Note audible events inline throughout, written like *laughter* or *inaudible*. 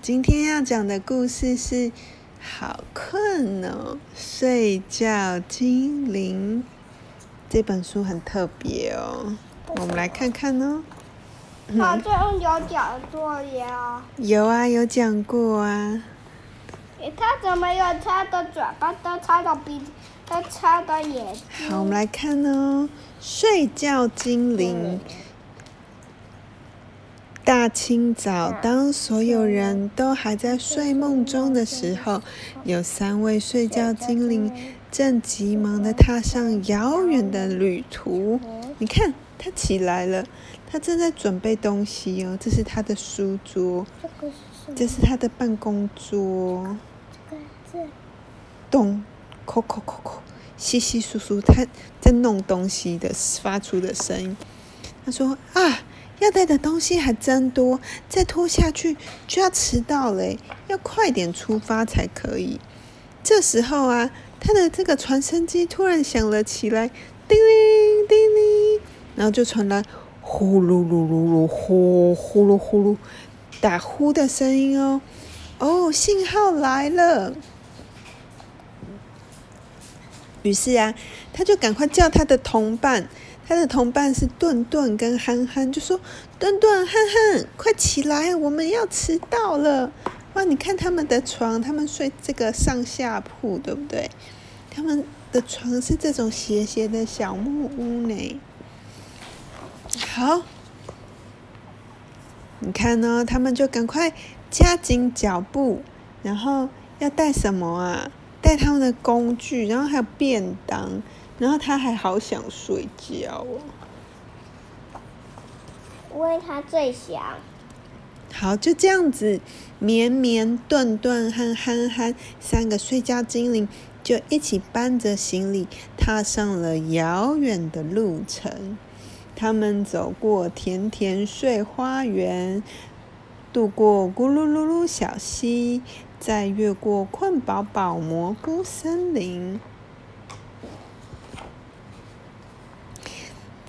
今天要講的故事是《好困哦，睡覺精靈》這本書很特別哦，我們來看看哦。啊、嗯，好像有講過呀？有啊，有講過啊。他怎麼有他的嘴巴、用他的鼻子、用他的眼睛？好，我們來看哦，《睡覺精靈》嗯。大清早，當所有人都還在睡夢中的時候，有三位睡覺精靈正急忙地踏上遙遠的旅途。你看，他起來了，他正在準備東西哦。這是他的書桌，這個是什麼？這是他的辦公桌。咚、這個，扣摳摳摳，稀稀疏疏，他在弄東西的發出的聲音。他說啊。要帶的東西還真多，再拖下去就要遲到了欸，要快點出發才可以。這時候啊，他的這個傳聲機突然響了起來，叮鈴叮鈴，然後就傳來呼嚕嚕嚕嚕呼呼嚕呼嚕嚕打呼的聲音哦，哦，信號來了。於是啊，他就趕快叫他的同伴。他的同伴是頓頓跟憨憨，就說：“頓頓、憨憨，快起來，我們要遲到了！”哇，你看他們的床，他們睡這個上下鋪，對不對？他們的床是這種斜斜的小木屋呢。好，你看呢、哦，他們就趕快加緊腳步，然後要帶什麼啊？帶他們的工具，然後還有便當。然後他還好想睡覺哦，因為他最想。好，就這樣子，綿綿、頓頓和憨憨三個睡覺精靈就一起搬着行李，踏上了遙遠的路程。他們走過甜甜睡花園，渡過咕嚕嚕嚕嚕小溪，再越過困寶寶蘑菇森林。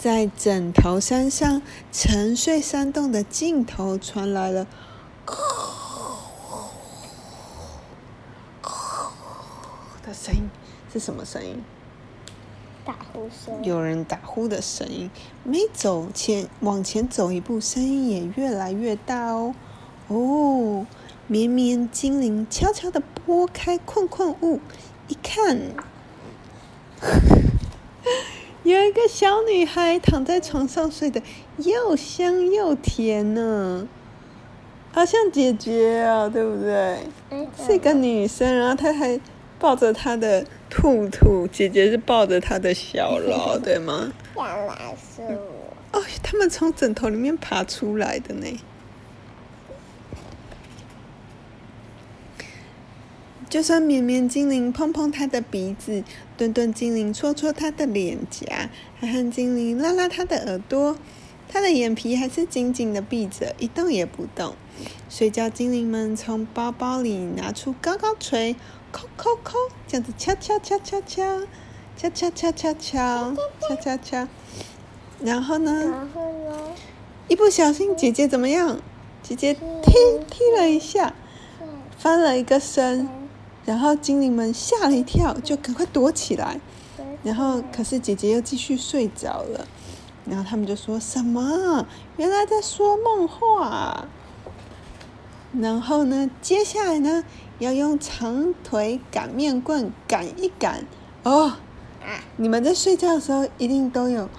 在枕頭山上沉睡山洞的盡頭傳來了呼呼的聲音，是什麼聲音？打呼聲。有人打呼的聲音。每走前往前走一步，聲音也越來越大哦。哦，綿綿精靈悄悄地撥開困困霧，一看。 *laughs* 有一個小女孩躺在床上睡得又香又甜呢，好像姐姐啊，哦，對不對，哎？是一個女生，然後她還抱着她的兔兔，姐姐是抱着她的小老對嗎？小老鼠。哦、哎，他們從枕頭裡面爬出來的呢。就算綿綿精靈碰碰他的鼻子，墩墩精靈戳,戳戳他的臉頰，憨憨精靈拉拉他的耳朵，他的眼皮還是緊緊的閉着，一動也不動。睡覺精靈們從包包裡拿出高高錘，叩叩叩，這樣子敲敲敲敲敲，敲敲敲敲敲，敲敲敲。然後呢？然後呢？一不小心，姐姐怎麼樣？姐姐踢踢了一下，翻了一個身。然後精靈們嚇了一跳，就趕快躲起來。然後，可是姐姐又繼續睡着了。然後他們就說什麼啊？原來在說夢話啊。然後呢？接下來呢？要用長腿擀麵棍擀一擀。哦。你們在睡覺的時候，一定都有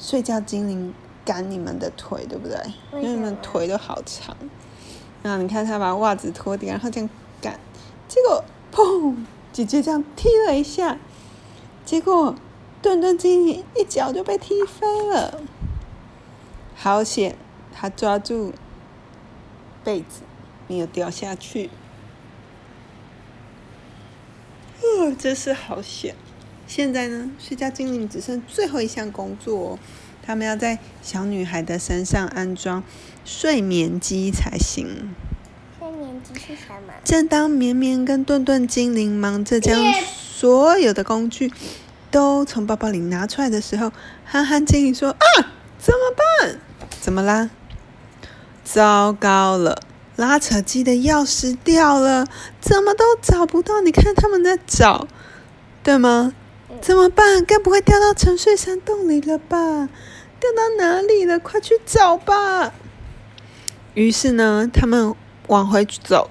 睡覺精靈擀你們的腿，對不對？因為你們腿都好長。那你看他把襪子脫掉，然後這樣擀。結果，砰！姐姐這樣踢了一下，結果，頓頓精靈一腳就被踢飛了，好險！她抓住被子，沒有掉下去。哇、哦，真是好險！現在呢，睡覺精靈只剩最後一項工作哦，他們要在小女孩的身上安裝睡眠機才行。正當綿綿跟頓頓精靈忙着將所有的工具都從包包裡拿出來的時候，憨憨精靈說：“啊，怎麼辦？怎麼啦？糟糕了，拉扯機的鑰匙掉了，怎麼都找不到，你看他們在找，對嗎？怎麼辦？該不會掉到沉睡山洞裡了吧？掉到哪裡了？快去找吧！”於是呢，他們。往回走，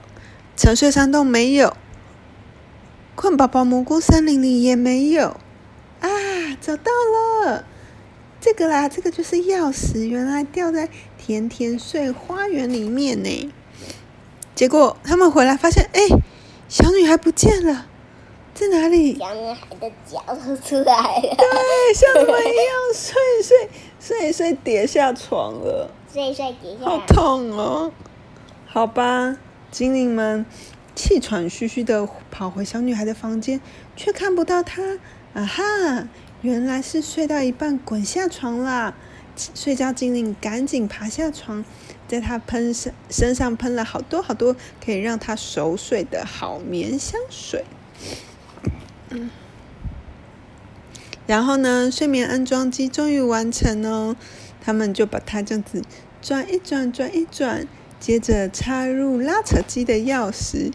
沉睡山洞沒有，困寶寶蘑菇森林裡也沒有啊！找到了這個啦，這個就是鑰匙，原來掉在甜甜睡花園裡面呢。結果他們回來發現，哎，小女孩不見了，在哪裡？小女孩的腳露出來了，對，像他們一樣睡睡 *laughs* 睡睡跌下床了，睡睡跌下，好痛哦。好吧，精靈們氣喘吁吁的跑回小女孩的房間，卻看不到她。啊哈，原來是睡到一半滾下床啦！睡覺精靈趕緊爬下床，在她噴上身上噴了好多好多可以讓她熟睡的好眠香水。嗯。然後呢，睡眠安裝機終於完成哦，他們就把它這樣子轉一轉，轉一轉。接着插入拉扯機的鑰匙，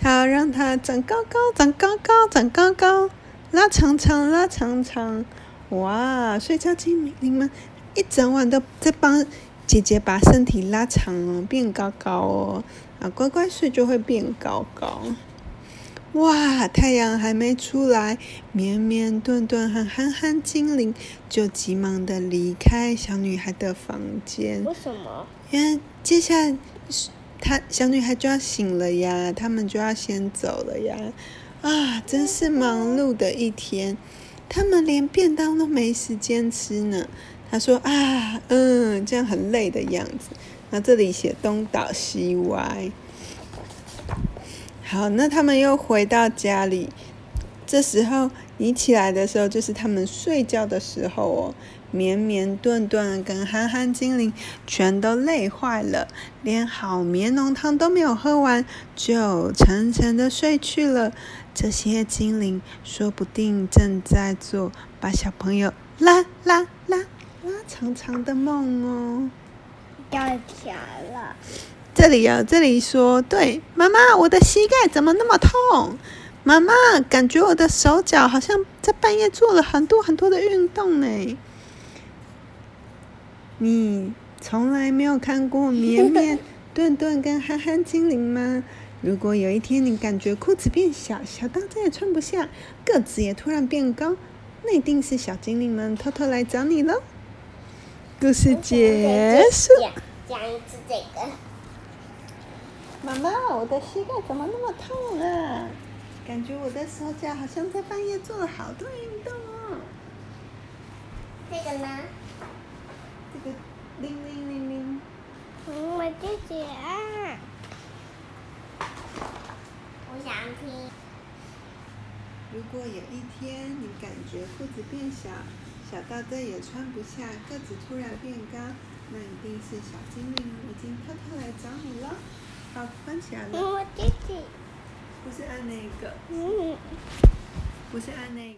他要讓它長高高，長高高，長高高，拉長長，拉長長。哇！睡覺精靈們一整晚都在幫姐姐把身體拉長哦，變高高哦。啊，乖乖睡就會變高高。哇！太陽還沒出來，綿綿、頓頓和憨憨精靈就急忙的離開小女孩的房間。為什麼？因為接下來，他小女孩就要醒了呀，他們就要先走了呀，啊，真是忙碌的一天，他們連便當都沒時間吃呢。他說啊，嗯，這樣很累的樣子。那這裡寫東倒西歪。好，那他們又回到家裡，這時候你起來的時候，就是他們睡覺的時候哦。綿綿頓頓跟憨憨精靈全都累壞了，連好綿濃湯都沒有喝完，就沉沉的睡去了。這些精靈說不定正在做把小朋友拉拉拉拉長長的夢哦。掉牙了。這裡有、啊，這裡說對，媽媽，我的膝蓋怎麼那麼痛？媽媽，感覺我的手腳好像在半夜做了很多很多的運動呢？你從來沒有看過綿綿、頓頓跟憨憨精靈嗎？如果有一天你感覺褲子變小，小到再也穿不下，個子也突然變高，那一定是小精靈們偷偷來找你嘍。故事結束。講一次這個。媽媽，我的膝蓋怎麼那麼痛啊？感覺我的手腳好像在半夜做了好多運動哦。這個呢？這個鈴鈴鈴鈴，我自己按，我想聽。如果有一天你感覺褲子變小，小到再也穿不下，個子突然變高，那一定是小精靈已經偷偷來找你了。好，關起來。我自己，不是按那個，不是按那個。嗯